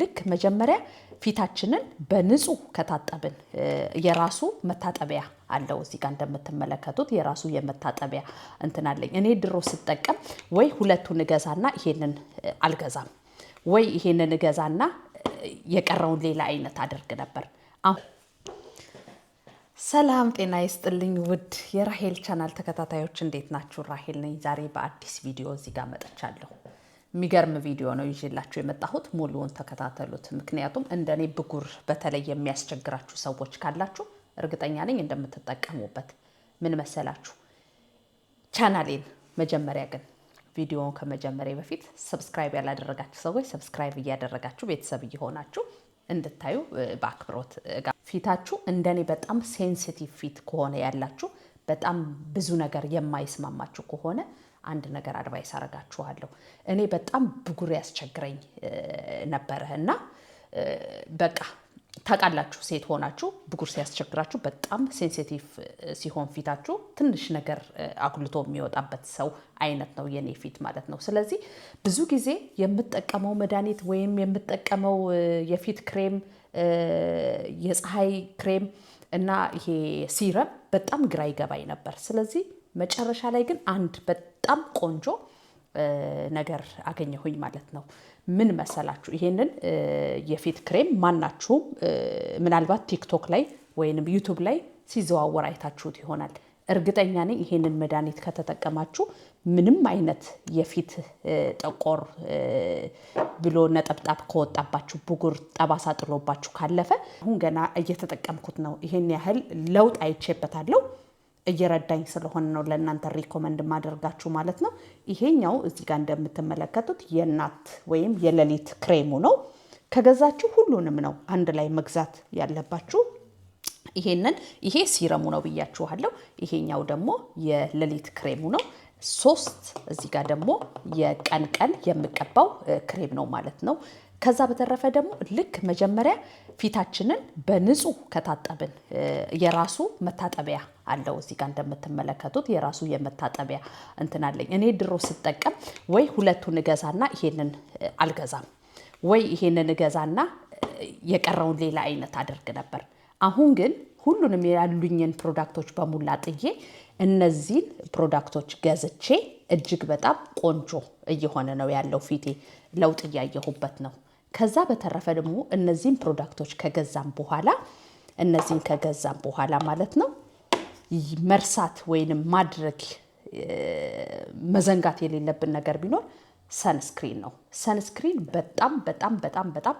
ልክ መጀመሪያ ፊታችንን በንጹህ ከታጠብን የራሱ መታጠቢያ አለው። እዚህ ጋር እንደምትመለከቱት የራሱ የመታጠቢያ እንትን አለኝ። እኔ ድሮ ስጠቀም ወይ ሁለቱን እገዛና ይሄንን አልገዛም፣ ወይ ይሄንን እገዛና የቀረውን ሌላ አይነት አድርግ ነበር። ሰላም ጤና ይስጥልኝ ውድ የራሄል ቻናል ተከታታዮች እንዴት ናችሁ? ራሄል ነኝ። ዛሬ በአዲስ ቪዲዮ እዚህ ጋር መጥቻለሁ። የሚገርም ቪዲዮ ነው ይዤላችሁ የመጣሁት። ሙሉውን ተከታተሉት። ምክንያቱም እንደኔ ብጉር በተለይ የሚያስቸግራችሁ ሰዎች ካላችሁ እርግጠኛ ነኝ እንደምትጠቀሙበት። ምን መሰላችሁ ቻናሌን መጀመሪያ ግን ቪዲዮውን ከመጀመሪያ በፊት ሰብስክራይብ ያላደረጋችሁ ሰዎች ሰብስክራይብ እያደረጋችሁ ቤተሰብ እየሆናችሁ እንድታዩ በአክብሮት ጋር ፊታችሁ እንደኔ በጣም ሴንሲቲቭ ፊት ከሆነ ያላችሁ በጣም ብዙ ነገር የማይስማማችሁ ከሆነ አንድ ነገር አድቫይስ አረጋችኋለሁ። እኔ በጣም ብጉር ያስቸግረኝ ነበረ እና በቃ ታውቃላችሁ፣ ሴት ሆናችሁ ብጉር ሲያስቸግራችሁ በጣም ሴንሲቲቭ ሲሆን ፊታችሁ ትንሽ ነገር አጉልቶ የሚወጣበት ሰው አይነት ነው የኔ ፊት ማለት ነው። ስለዚህ ብዙ ጊዜ የምጠቀመው መድኃኒት ወይም የምጠቀመው የፊት ክሬም፣ የፀሐይ ክሬም እና ይሄ ሲረም በጣም ግራ ይገባኝ ነበር። ስለዚህ መጨረሻ ላይ ግን አንድ በጣም ቆንጆ ነገር አገኘሁኝ ማለት ነው። ምን መሰላችሁ? ይሄንን የፊት ክሬም ማናችሁም ምናልባት ቲክቶክ ላይ ወይንም ዩቱብ ላይ ሲዘዋወር አይታችሁት ይሆናል። እርግጠኛ ነኝ ይሄንን መድኃኒት ከተጠቀማችሁ ምንም አይነት የፊት ጠቆር ብሎ ነጠብጣብ ከወጣባችሁ፣ ብጉር ጠባሳ ጥሎባችሁ ካለፈ አሁን ገና እየተጠቀምኩት ነው። ይሄን ያህል ለውጥ አይቼበታለሁ። እየረዳኝ ስለሆነ ነው ለእናንተ ሪኮመንድ ማደርጋችሁ ማለት ነው። ይሄኛው እዚህ ጋር እንደምትመለከቱት የእናት ወይም የሌሊት ክሬሙ ነው። ከገዛችሁ ሁሉንም ነው አንድ ላይ መግዛት ያለባችሁ። ይሄንን ይሄ ሲረሙ ነው ብያችኋለሁ። ይሄኛው ደግሞ የሌሊት ክሬሙ ነው። ሶስት እዚህ ጋር ደግሞ የቀን ቀን የምቀባው ክሬም ነው ማለት ነው። ከዛ በተረፈ ደግሞ ልክ መጀመሪያ ፊታችንን በንጹህ ከታጠብን የራሱ መታጠቢያ አለው። እዚህ ጋር እንደምትመለከቱት የራሱ የመታጠቢያ እንትን አለኝ። እኔ ድሮ ስጠቀም ወይ ሁለቱን እገዛና ይሄንን አልገዛም፣ ወይ ይሄንን እገዛና የቀረውን ሌላ አይነት አደርግ ነበር። አሁን ግን ሁሉንም ያሉኝን ፕሮዳክቶች በሙላ ጥዬ እነዚህን ፕሮዳክቶች ገዝቼ እጅግ በጣም ቆንጆ እየሆነ ነው ያለው። ፊቴ ለውጥ እያየሁበት ነው። ከዛ በተረፈ ደግሞ እነዚህን ፕሮዳክቶች ከገዛም በኋላ እነዚህን ከገዛም በኋላ ማለት ነው መርሳት ወይንም ማድረግ መዘንጋት የሌለብን ነገር ቢኖር ሰንስክሪን ነው። ሰንስክሪን በጣም በጣም በጣም በጣም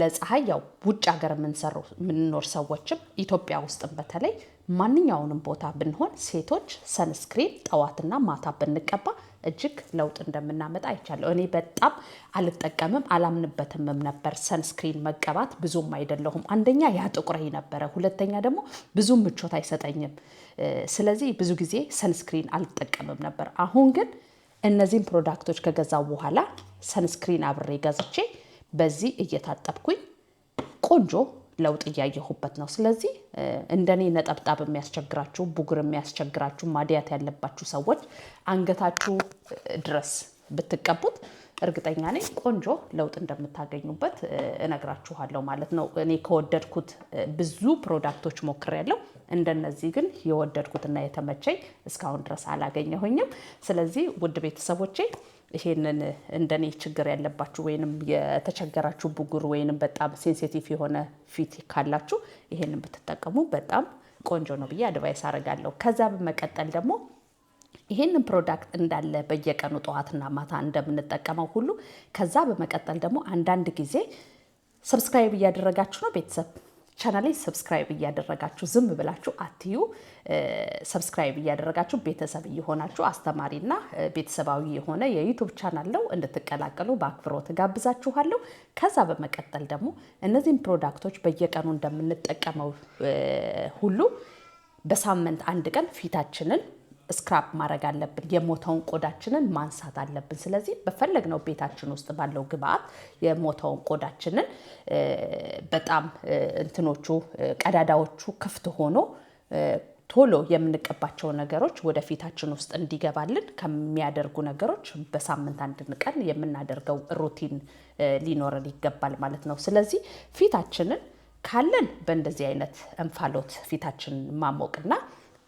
ለፀሐይ ያው ውጭ ሀገር የምንኖር ሰዎችም ኢትዮጵያ ውስጥም በተለይ ማንኛውንም ቦታ ብንሆን ሴቶች ሰንስክሪን ጠዋትና ማታ ብንቀባ እጅግ ለውጥ እንደምናመጣ አይቻለሁ። እኔ በጣም አልጠቀምም አላምንበትምም ነበር። ሰንስክሪን መቀባት ብዙም አይደለሁም። አንደኛ ያ ያጥቁረኝ ነበረ፣ ሁለተኛ ደግሞ ብዙ ምቾት አይሰጠኝም። ስለዚህ ብዙ ጊዜ ሰንስክሪን አልጠቀምም ነበር። አሁን ግን እነዚህን ፕሮዳክቶች ከገዛው በኋላ ሰንስክሪን አብሬ ገዝቼ በዚህ እየታጠብኩኝ ቆንጆ ለውጥ እያየሁበት ነው። ስለዚህ እንደኔ ነጠብጣብ የሚያስቸግራችሁ፣ ቡግር የሚያስቸግራችሁ፣ ማድያት ያለባችሁ ሰዎች አንገታችሁ ድረስ ብትቀቡት እርግጠኛ ነኝ ቆንጆ ለውጥ እንደምታገኙበት እነግራችኋለሁ ማለት ነው። እኔ ከወደድኩት ብዙ ፕሮዳክቶች ሞክሬያለሁ። እንደነዚህ ግን የወደድኩትና የተመቸኝ እስካሁን ድረስ አላገኘሁኝም። ስለዚህ ውድ ቤተሰቦቼ ይሄንን እንደኔ ችግር ያለባችሁ ወይንም የተቸገራችሁ ብጉር ወይንም በጣም ሴንሲቲቭ የሆነ ፊት ካላችሁ ይሄንን ብትጠቀሙ በጣም ቆንጆ ነው ብዬ አድቫይስ አደርጋለሁ። ከዛ በመቀጠል ደግሞ ይሄንን ፕሮዳክት እንዳለ በየቀኑ ጠዋትና ማታ እንደምንጠቀመው ሁሉ ከዛ በመቀጠል ደግሞ አንዳንድ ጊዜ ሰብስክራይብ እያደረጋችሁ ነው ቤተሰብ ቻናሌ ሰብስክራይብ እያደረጋችሁ ዝም ብላችሁ አትዩ። ሰብስክራይብ እያደረጋችሁ ቤተሰብ እየሆናችሁ አስተማሪና ቤተሰባዊ የሆነ የዩቱብ ቻናል ነው እንድትቀላቀሉ በአክብሮ ትጋብዛችኋለሁ። ከዛ በመቀጠል ደግሞ እነዚህን ፕሮዳክቶች በየቀኑ እንደምንጠቀመው ሁሉ በሳምንት አንድ ቀን ፊታችንን ስክራፕ ማድረግ አለብን። የሞተውን ቆዳችንን ማንሳት አለብን። ስለዚህ በፈለግነው ቤታችን ውስጥ ባለው ግብአት የሞተውን ቆዳችንን በጣም እንትኖቹ ቀዳዳዎቹ ክፍት ሆኖ ቶሎ የምንቀባቸው ነገሮች ወደ ፊታችን ውስጥ እንዲገባልን ከሚያደርጉ ነገሮች በሳምንት አንድን ቀን የምናደርገው ሩቲን ሊኖረን ይገባል ማለት ነው። ስለዚህ ፊታችንን ካለን በእንደዚህ አይነት እንፋሎት ፊታችንን ማሞቅና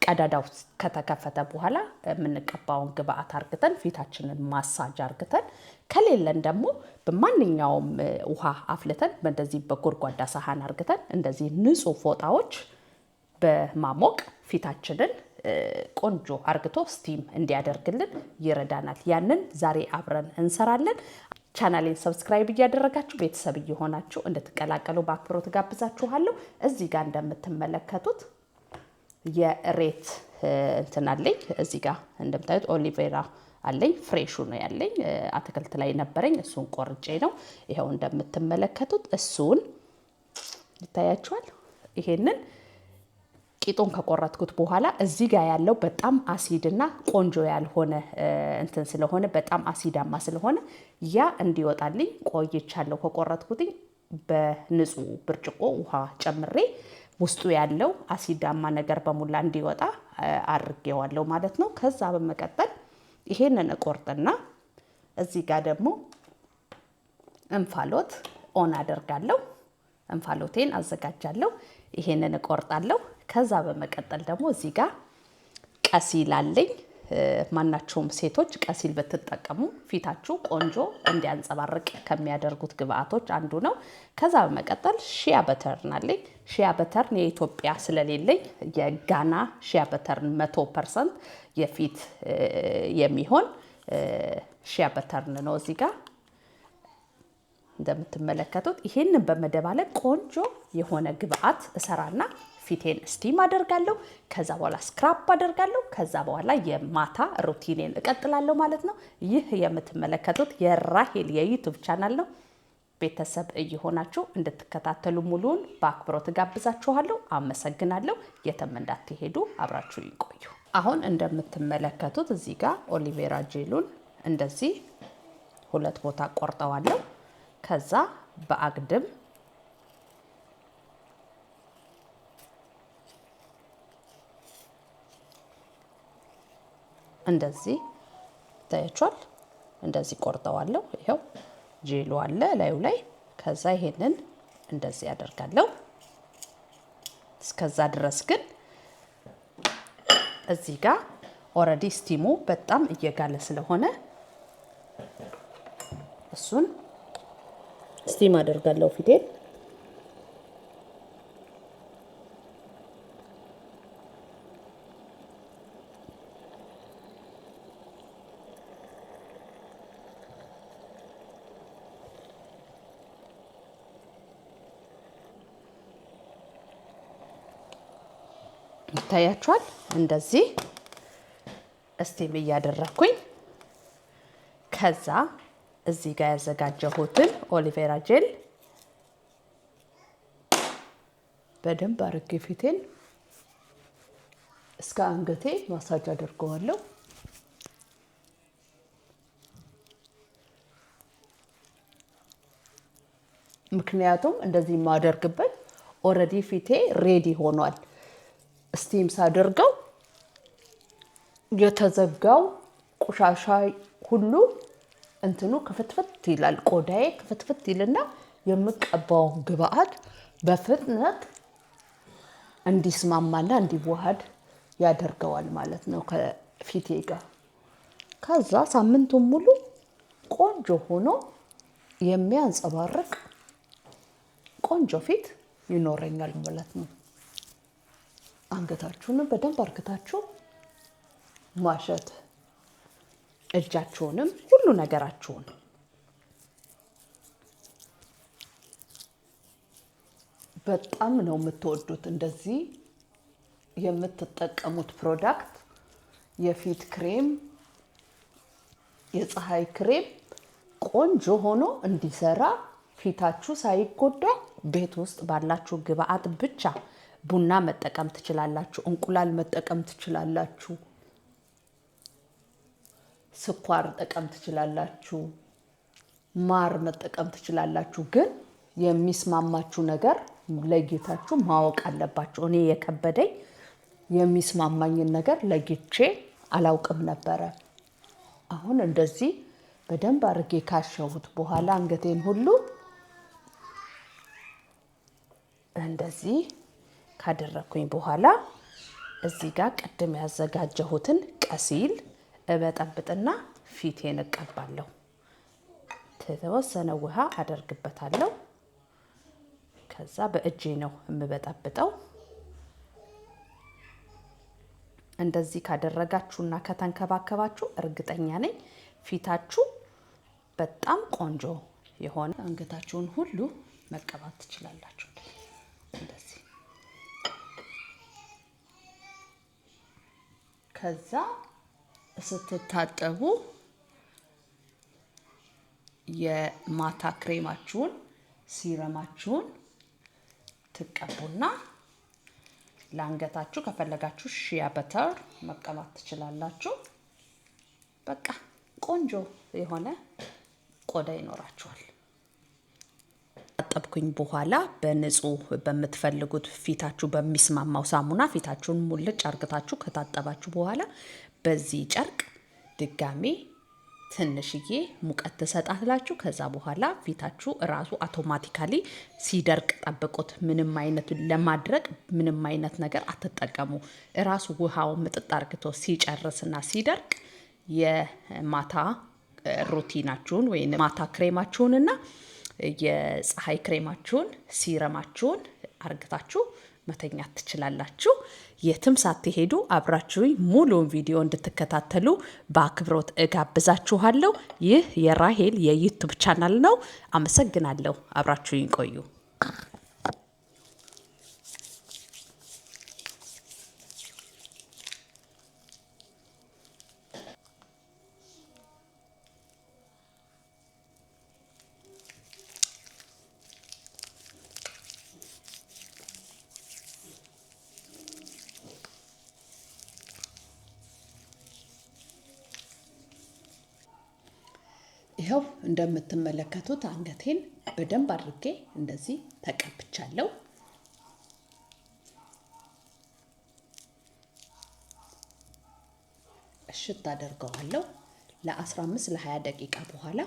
ቀዳዳው ከተከፈተ በኋላ የምንቀባውን ግብአት አርግተን ፊታችንን ማሳጅ አርግተን ከሌለን ደግሞ በማንኛውም ውሃ አፍልተን እንደዚህ በጎድጓዳ ሳህን አርግተን እንደዚህ ንጹህ ፎጣዎች በማሞቅ ፊታችንን ቆንጆ አርግቶ ስቲም እንዲያደርግልን ይረዳናል። ያንን ዛሬ አብረን እንሰራለን። ቻናሌን ሰብስክራይብ እያደረጋችሁ ቤተሰብ እየሆናችሁ እንድትቀላቀሉ በአክብሮት ጋብዛችኋለሁ። እዚህ ጋር እንደምትመለከቱት የሬት እንትን አለኝ እዚህ ጋር እንደምታዩት ኦሊቬራ አለኝ ፍሬሹ ነው ያለኝ አትክልት ላይ ነበረኝ። እሱን ቆርጬ ነው ይኸው እንደምትመለከቱት እሱን ይታያችኋል። ይሄንን ቂጡን ከቆረጥኩት በኋላ እዚህ ጋር ያለው በጣም አሲድና ቆንጆ ያልሆነ እንትን ስለሆነ በጣም አሲዳማ ስለሆነ ያ እንዲወጣልኝ ቆይቻለሁ። ከቆረጥኩትኝ በንጹህ ብርጭቆ ውሃ ጨምሬ ውስጡ ያለው አሲዳማ ነገር በሙላ እንዲወጣ አድርጌዋለሁ ማለት ነው። ከዛ በመቀጠል ይሄንን እቆርጥና እዚህ ጋር ደግሞ እንፋሎት ኦን አደርጋለሁ። እንፋሎቴን አዘጋጃለሁ። ይሄንን እቆርጣለሁ። ከዛ በመቀጠል ደግሞ እዚህ ጋር ቀሲል አለኝ። ማናቸውም ሴቶች ቀሲል ብትጠቀሙ ፊታችሁ ቆንጆ እንዲያንጸባርቅ ከሚያደርጉት ግብአቶች አንዱ ነው። ከዛ በመቀጠል ሺያ በተርን አለኝ። ሺያ በተርን የኢትዮጵያ ስለሌለኝ የጋና ሺያ በተርን መቶ ፐርሰንት የፊት የሚሆን ሺያ በተርን ነው እዚህ ጋር እንደምትመለከቱት ይህንን በመደባለቅ ቆንጆ የሆነ ግብአት እሰራና ፊቴን ስቲም አደርጋለሁ። ከዛ በኋላ ስክራፕ አደርጋለሁ። ከዛ በኋላ የማታ ሩቲኔን እቀጥላለሁ ማለት ነው። ይህ የምትመለከቱት የራሄል የዩቱብ ቻናል ነው። ቤተሰብ እየሆናችሁ እንድትከታተሉ ሙሉውን በአክብሮት ጋብዛችኋለሁ። አመሰግናለሁ። የትም እንዳትሄዱ አብራችሁ ይቆዩ። አሁን እንደምትመለከቱት እዚህ ጋር ኦሊቬራ ጄሉን እንደዚህ ሁለት ቦታ ቆርጠዋለሁ። ከዛ በአግድም እንደዚህ ይታያችኋል። እንደዚህ ቆርጠዋለሁ። ይኸው ጄሉ አለ ላዩ ላይ። ከዛ ይሄንን እንደዚህ ያደርጋለሁ። እስከዛ ድረስ ግን እዚህ ጋር ኦረዲ ስቲሙ በጣም እየጋለ ስለሆነ እሱን ስቲም አደርጋለሁ ፊቴን ይታያችኋል። እንደዚህ እስቲም እያደረግኩኝ ከዛ እዚህ ጋር ያዘጋጀሁትን ኦሊቬራ ጄል በደንብ አድርጌ ፊቴን እስከ አንገቴ ማሳጅ አድርገዋለሁ። ምክንያቱም እንደዚህ የማደርግበት ኦልሬዲ ፊቴ ሬዲ ሆኗል። ስቲም ሳደርገው የተዘጋው ቆሻሻ ሁሉ እንትኑ ክፍትፍት ይላል። ቆዳዬ ክፍትፍት ይልና የምቀባው ግብአት በፍጥነት እንዲስማማና እንዲዋሃድ ያደርገዋል ማለት ነው ከፊቴ ጋር። ከዛ ሳምንቱን ሙሉ ቆንጆ ሆኖ የሚያንጸባርቅ ቆንጆ ፊት ይኖረኛል ማለት ነው። አንገታችሁንም በደንብ አርግታችሁ ማሸት እጃችሁንም ሁሉ ነገራችሁን በጣም ነው የምትወዱት። እንደዚህ የምትጠቀሙት ፕሮዳክት የፊት ክሬም፣ የፀሐይ ክሬም ቆንጆ ሆኖ እንዲሰራ ፊታችሁ ሳይጎዳ ቤት ውስጥ ባላችሁ ግብአት ብቻ ቡና መጠቀም ትችላላችሁ፣ እንቁላል መጠቀም ትችላላችሁ፣ ስኳር መጠቀም ትችላላችሁ፣ ማር መጠቀም ትችላላችሁ። ግን የሚስማማችሁ ነገር ለጌታችሁ ማወቅ አለባችሁ። እኔ የከበደኝ የሚስማማኝን ነገር ለጌቼ አላውቅም ነበረ። አሁን እንደዚህ በደንብ አድርጌ ካሸሁት በኋላ አንገቴን ሁሉ እንደዚህ ካደረግኩኝ በኋላ እዚህ ጋር ቅድም ያዘጋጀሁትን ቀሲል እበጠብጥና ፊቴን እቀባለሁ። የተወሰነ ውሃ አደርግበታለሁ። ከዛ በእጄ ነው የምበጠብጠው። እንደዚህ ካደረጋችሁና ከተንከባከባችሁ እርግጠኛ ነኝ ፊታችሁ በጣም ቆንጆ የሆነ አንገታችሁን ሁሉ መቀባት ትችላላችሁ። ከዛ ስትታጠቡ የማታ ክሬማችሁን ሲረማችሁን ትቀቡና ለአንገታችሁ ከፈለጋችሁ ሺያ በተር መቀባት ትችላላችሁ። በቃ ቆንጆ የሆነ ቆዳ ይኖራችኋል። ካጠብኩኝ በኋላ በንጹህ በምትፈልጉት ፊታችሁ በሚስማማው ሳሙና ፊታችሁን ሙልጭ አርግታችሁ ከታጠባችሁ በኋላ በዚህ ጨርቅ ድጋሜ ትንሽዬ ሙቀት ትሰጣላችሁ። ከዛ በኋላ ፊታችሁ ራሱ አውቶማቲካሊ ሲደርቅ ጠብቁት። ምንም አይነት ለማድረቅ ምንም አይነት ነገር አትጠቀሙ። እራሱ ውሃው ምጥጥ አርግቶ ሲጨርስና ሲደርቅ የማታ ሩቲናችሁን ወይም ማታ ክሬማችሁንና የፀሐይ ክሬማችሁን ሲረማችሁን አርግታችሁ መተኛት ትችላላችሁ። የትም ሳትሄዱ አብራችሁኝ ሙሉውን ቪዲዮ እንድትከታተሉ በአክብሮት እጋብዛችኋለሁ። ይህ የራሄል የዩቱብ ቻናል ነው። አመሰግናለሁ። አብራችሁኝ ቆዩ። ይኸው እንደምትመለከቱት አንገቴን በደንብ አድርጌ እንደዚህ ተቀብቻለሁ። እሽት አደርገዋለሁ። ለ15 ለ20 ደቂቃ በኋላ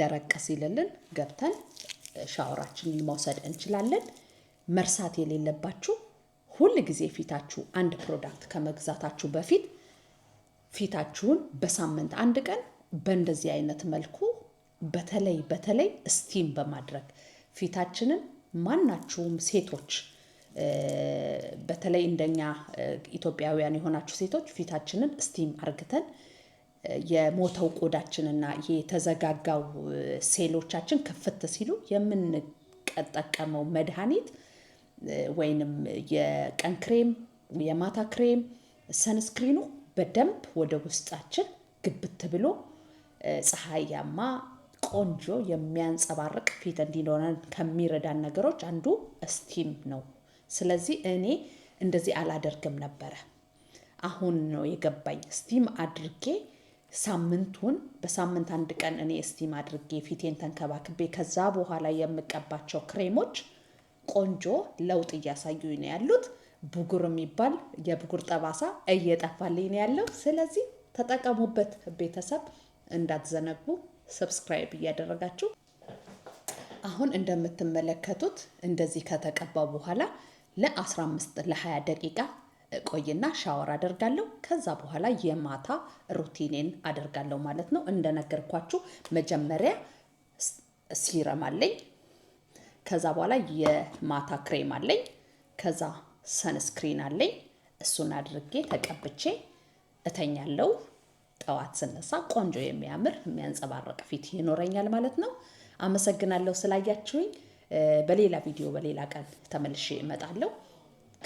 ደረቅ ሲልልን ገብተን ሻወራችንን መውሰድ እንችላለን። መርሳት የሌለባችሁ ሁል ጊዜ ፊታችሁ አንድ ፕሮዳክት ከመግዛታችሁ በፊት ፊታችሁን በሳምንት አንድ ቀን በእንደዚህ አይነት መልኩ በተለይ በተለይ እስቲም በማድረግ ፊታችንን ማናችሁም ሴቶች በተለይ እንደኛ ኢትዮጵያውያን የሆናችሁ ሴቶች ፊታችንን እስቲም አርግተን የሞተው ቆዳችንና የተዘጋጋው ሴሎቻችን ክፍት ሲሉ የምንጠቀመው መድኃኒት ወይንም የቀን ክሬም፣ የማታ ክሬም፣ ሰንስክሪኑ በደንብ ወደ ውስጣችን ግብት ብሎ ፀሐያማ ቆንጆ የሚያንጸባርቅ ፊት እንዲኖረን ከሚረዳን ነገሮች አንዱ እስቲም ነው። ስለዚህ እኔ እንደዚህ አላደርግም ነበረ። አሁን ነው የገባኝ። እስቲም አድርጌ ሳምንቱን በሳምንት አንድ ቀን እኔ እስቲም አድርጌ ፊቴን ተንከባክቤ ከዛ በኋላ የምቀባቸው ክሬሞች ቆንጆ ለውጥ እያሳዩ ነው ያሉት። ብጉር የሚባል የብጉር ጠባሳ እየጠፋልኝ ነው ያለው። ስለዚህ ተጠቀሙበት ቤተሰብ። እንዳትዘነጉ ሰብስክራይብ እያደረጋችሁ አሁን እንደምትመለከቱት እንደዚህ ከተቀባ በኋላ ለ15 ለ20 ደቂቃ ቆይና ሻወር አደርጋለሁ። ከዛ በኋላ የማታ ሩቲኔን አደርጋለሁ ማለት ነው። እንደነገርኳችሁ መጀመሪያ ሲረም አለኝ። ከዛ በኋላ የማታ ክሬም አለኝ። ከዛ ሰንስክሪን አለኝ። እሱን አድርጌ ተቀብቼ እተኛለሁ። ጠዋት ስነሳ ቆንጆ የሚያምር የሚያንጸባረቅ ፊት ይኖረኛል ማለት ነው። አመሰግናለሁ ስላያችሁኝ። በሌላ ቪዲዮ በሌላ ቀን ተመልሼ እመጣለሁ።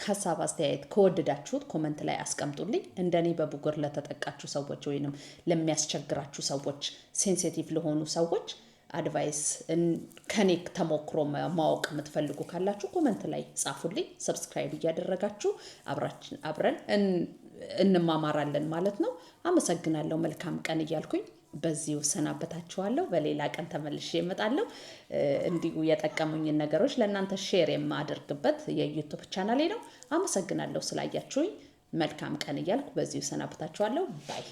ሀሳብ አስተያየት ከወደዳችሁት ኮመንት ላይ አስቀምጡልኝ። እንደኔ በብጉር ለተጠቃችሁ ሰዎች ወይንም ለሚያስቸግራችሁ ሰዎች፣ ሴንሲቲቭ ለሆኑ ሰዎች አድቫይስ ከኔ ተሞክሮ ማወቅ የምትፈልጉ ካላችሁ ኮመንት ላይ ጻፉልኝ። ሰብስክራይብ እያደረጋችሁ አብረን እንማማራለን ማለት ነው። አመሰግናለሁ። መልካም ቀን እያልኩኝ በዚሁ ሰናበታችኋለሁ። በሌላ ቀን ተመልሼ እመጣለሁ። እንዲሁ የጠቀሙኝን ነገሮች ለእናንተ ሼር የማደርግበት የዩቱብ ቻናሌ ነው። አመሰግናለሁ ስላያችሁኝ። መልካም ቀን እያልኩ በዚሁ ሰናበታችኋለሁ። ባይ